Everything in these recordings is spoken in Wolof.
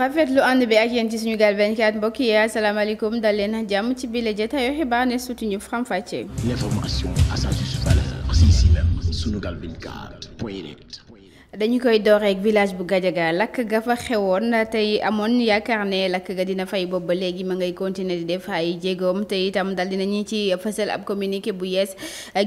rafetlu ànd bi ak yéen ci suñu gaal 24 mbokk yi asalaamaaleykum dal leen jàmm ci biir jotaayu xibaar ne suuti ñu faram fàccee. l'information à sa dañu koy door ak village bu gaa lakk ga fa xewoon tey amoon yaakaar ne lakk ga dina fay boobu ba léegi ma ngay continuer di def ay jéegoom tey itam dal dina ñu ci fësal ab communiqué bu yees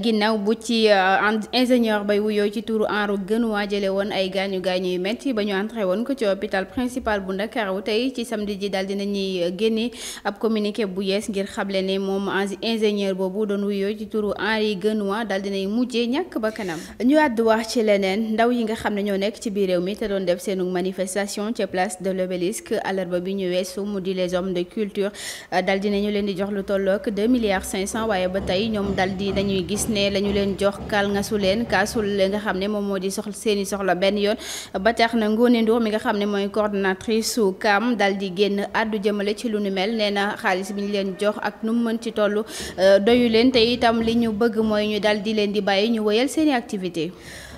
ginnaaw bu ci euh, ingénieur bay wuyoo ci turu Henri Guenois jële woon ay gaañu gaañu yu métti ba ñu entré woon ko ci hôpital principal bu Ndakaaru tey ci samedi ji dal dina ñuy génne ab communiqué bu yees ngir xable ne moom ingénieur boobu doon wuyoo ci turu Henri Guenois dal dinay mujje ñàkk ba kanam ñu àddu wax ci leneen ndaw yi nga xam xam ñoo nekk ci biir réew mi te doon def seenu manifestation ca place de l'obélisque àllarba bi ñu weesu mu di les hommes de culture euh, dal di nañu leen di jox lu tollook 2 milliards 500 waaye ba tey ñoom dal di dañuy gis ne la leen jox kaal nga su leen kaasul li nga xam ne moom moo di soxla seeni soxla benn yoon ba tax na Ngoné Ndour mi nga xam ne mooy coordonnatrice su CAM dal di génn àddu jëmale ci lu nu mel nee na xaalis bi ñu leen jox ak nu mu mën ci tollu euh, doyu leen te itam li ñu bëgg mooy ñu dal di leen di bàyyi ñu wëyal seeni activité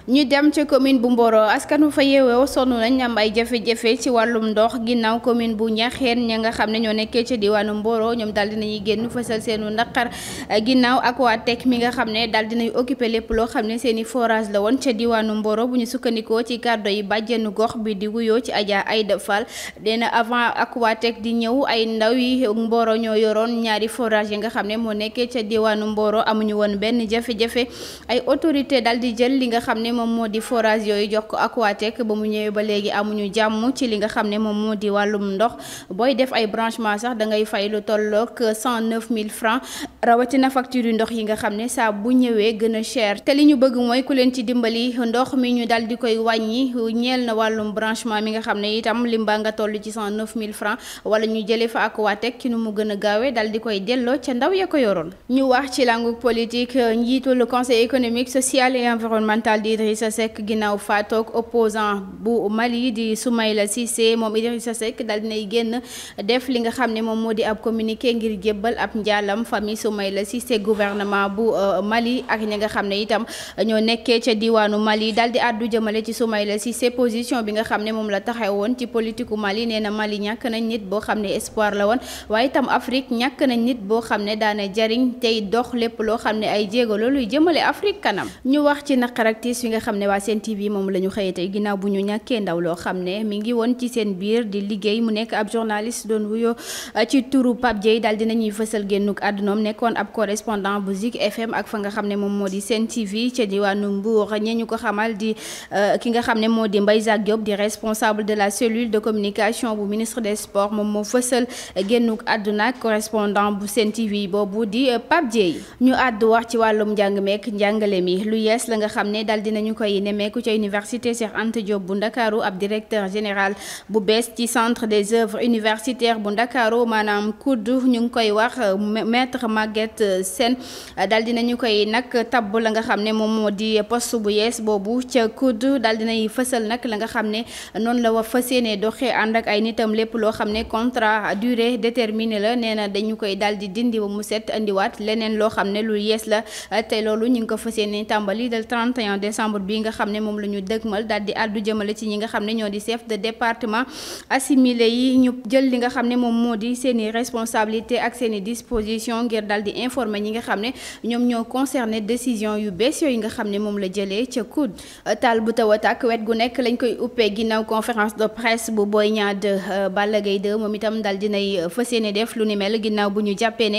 ñu dem ca commune bu mbooroo Mboro askanu fa yeewoo sonn nañ am ay jafe-jafe ci wàllum ndox ginnaaw commune bu Ñaxeen ña nga xam ne ñoo nekkee ca diwaanu Mboro ñoom daal dinañuy génn fësal seenu naqar eh, ginnaaw ak waa TEC mi nga xam ne daal dinañ occupé lépp loo xam ne seen forage la woon ca diwaanu Mboro bu ñu sukkandikoo ci kàddo yi bàjjenu gox bi di wuyoo ci Adja Aïda Fall dina avant ak waa TEC di ñëw ay ndaw yi Mboro ñoo yoroon ñaari forage yi nga xam ne moo nekkee ca diwaanu Mboro amuñu woon benn jafe-jafe ay autorité daal jël li nga xam ne moom moo di forage yooyu jox ko Aquatech ba mu ñëwee ba léegi amuñu jàmm ci li nga xam ne moom moo di wàllum ndox booy def ay branchement sax da ngay fay lu tolloog 109000 francs rawatina facture yu ndox yi nga xam ne saa bu ñëwee gën a te li ñu bëgg mooy ku leen ci dimbali ndox mi ñu dal di koy wàññi ñeel na wàllum branchement mi nga xam ne itam limba nga toll ci 109000 francs wala ñu jëlee fa Aquatech ki nu mu gën a gaawee dal di koy delloo ca ndaw ya ko ci langue politique njiitul Idrissa Seck ginnaaw faatoog opposant bu Mali di Soumaïla Cissé moom Idrissa Seck dal dinay génn def li nga xam ne moom moo di ab communiqué ngir jébbal ab njaalam famille Soumaïla Cissé gouvernement bu euh, Mali ak ñi nga xam ne itam ñoo nekkee ca diwaanu Mali dal di àddu jëmale ci su may Soumaïla Cissé position bi nga xam ne moom la taxawoon ci politiku Mali nee na Mali ñàkk nañ nit boo xam ne espoir la woon waaye itam Afrique ñàkk nañ nit boo xam ne daana jariñ tey dox lépp loo xam ne ay jéego loolu jëmale Afrique kanam ñu wax ci naqarak tiis nga xam ne waa Sen TV moom la ñu xëyee tey ginnaaw bu ñu ñàkkee ndaw loo xam ne mi ngi woon ci seen biir di liggéey mu nekk ab journaliste doon wuyoo uh, ci turu Pape Dieye daal dina ñuy fësal génnuk àddunoom nekkoon ab correspondant bu Zik FM ak fa nga ne moom moo di Sen TV ca diwaanu Mbour ñee ñu ko xamal di uh, ki nga xam ne moo di Mbaye Jacques Diop di responsable de la cellule de communication bu ministre de sports moom moo fësal génnuk àdduna correspondant bu Sen TV boobu di uh, Pape Dieye ñu àddu wax ci wàllum njàng meek njàngale mi lu yees la nga xam ne daal dina ñu koy nemmeeku ca université Cheikh Anta Diop bu ndakaaru ab directeur général bu bees ci centre des œuvres universitaires bu ndakaaru maanaam kudd ñu ngi koy wax euh, maître Maguette Sène dal dinañu koy nag tab la nga xam ne moom moo di poste bu yees boobu ca kudd dal dinay fësal nag la nga xam ne noonu la wa fas yéene doxee ànd ak ay nitam lépp loo xam ne contrat durée déterminée la nee na dañu koy dal di dindi ba mu set indiwaat leneen loo xam ne lu yees la te décembre bi nga xam ne moom la ñu dëgmal daal di àddu jëmale ci ñi nga xam ne ñoo di chef de département assimilé yi ñu jël li nga xam ne moom moo di seen i responsabilité ak seen disposition ngir daal di informer ñi nga xam ne ñoom ñoo concerné décision yu bees yooyu nga xam ne moom la jëlee ca COUD taal bu taw wet gu nekk lañ koy uppee ginnaaw conférence de presse bu Boy Niang 2 euh, Balla Gaye 2 moom itam daal dinay fas yéene def lu ni mel ginnaaw bu ñu jàppee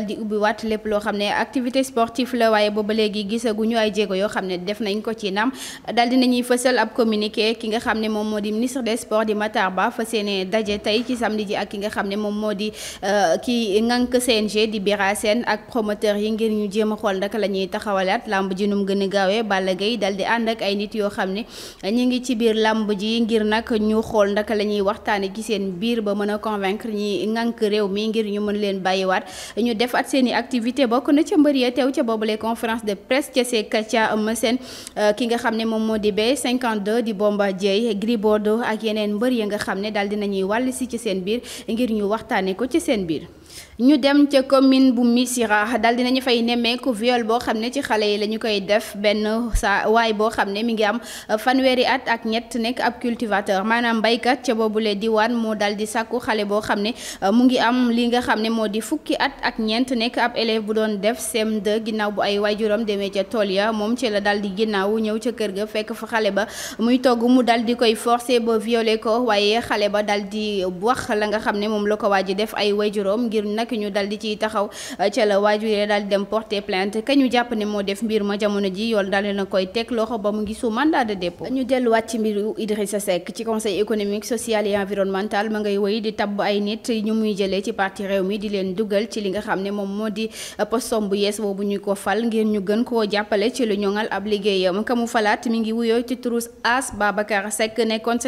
di ubbi waat lépp loo ne activité sportive la waaye booba gi gisaguñu ay jéego yoo xam ne def nañ ko ci nam daal di nañuy fësal ab communiqué ki nga xam ne moom moo di ministre des sports di Matar Ba fa seene daje tey ci samedi ji ak ki nga xam ne moom moo di euh, ki ngànk CNG di Bira seen ak promoteur yi ngir ñu jéem a xool naka la ñuy taxawalaat làmb ji nu mu gën a gaawee Balla Gaye dal di ànd ak ay nit yoo xam ne ñu ngi ci biir làmb ji ngir nag ñu xool naka la ñuy waxtaane ci seen biir ba mën a convaincre ñi ngànk réew mi ngir ñu mën leen bàyyiwaat ñu def at seen presque ca seeg ca Eumeu euh, ki nga xam ne moom moo di B52 di Bombardier gri Bordeaux ak yeneen mbër yi nga xam ne daal dinañuy wàll si ci seen biir ngir ñu waxtaanee ko ci seen biir. ñu dem ca commune bu Missirah dal dinañu fay nemmeeku viole boo xam ne ci xale yi la ñu koy def benn saa waay boo xam ne mi ngi am uh, fanweeri at ak ñett nekk ab cultivateur maanaam baykat ca boobule diwaan moo dal di sàkku xale boo xam ne uh, mu ngi am li nga xam ne moo di fukki at ak ñeent nekk ab élève bu doon def CM2 ginnaaw bu ay waajuram demee ca tool ya moom ci la dal di ginnaaw ñëw ca kër ga fekk fu xale ba muy togg mu dal di koy forcer ba viole ko waaye xale ba dal di wax la nga xam ne moom la ko waaj def ay waajuram ngir ngir nag ñu dal di ciy taxaw eh, ca la waajuree daal dem porter plainte ka jàpp ne moo def mbir ma jamono ji yoon daal na koy teg loxo ba mu ngi su mandat de dépôt ñu delluwaat ci mbiru Idrissa Seck ci conseil économique social et environnemental ma ngay woy di tabb ay nit ñu muy jëlee ci parti réew mi di leen dugal ci li nga xam ne moom moo di eh, postom bu yees boobu ñu ko fal ngir ñu gën koo jàppale ci lu ñoŋal ab liggéeyam ka mu falaat mi ngi wuyoo ci turus As Babacar Seck nekkoon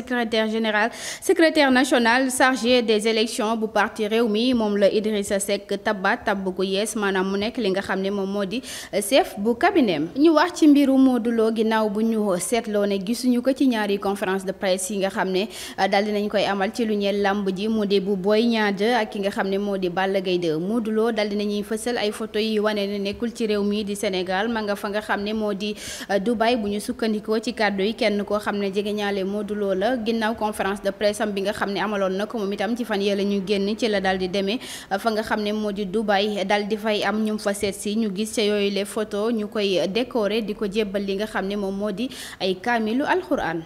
sa Seck tabbaat tabb gu yees maanaam mu nekk li nga xam ne moom moo di euh, chef bu cabinet ñu wax ci mbiru Modou ginnaaw bu ñu seetloo ne gisuñu ko ci ñaari conférence de presse yi nga xam ne euh, daal dinañ koy amal ci lu ñeel làmb ji mu di bu Boy Niang 2 ak ki nga xam ne moo di Balla Gaye 2 Modou Lo daal dinañuy fësal ay photo yi wane ne nekkul ci réew mii di Sénégal ma nga fa nga xam ne moo di euh, Dubaï bu ñu sukkandikoo ci kàddu yi kenn koo xam ne jege ñaale Modou la ginnaaw conférence de presse am bi nga xam ne amaloon na ko moom itam ci fan yële ñu génn ci la daal di demee fa nga xam ne moo di Dubai dal di fay am ñum fa seet ñu gis ca yooyu les photo ñu koy décorer di ko jébbal li nga xam ne moom moo di ay kaamilu alxuraan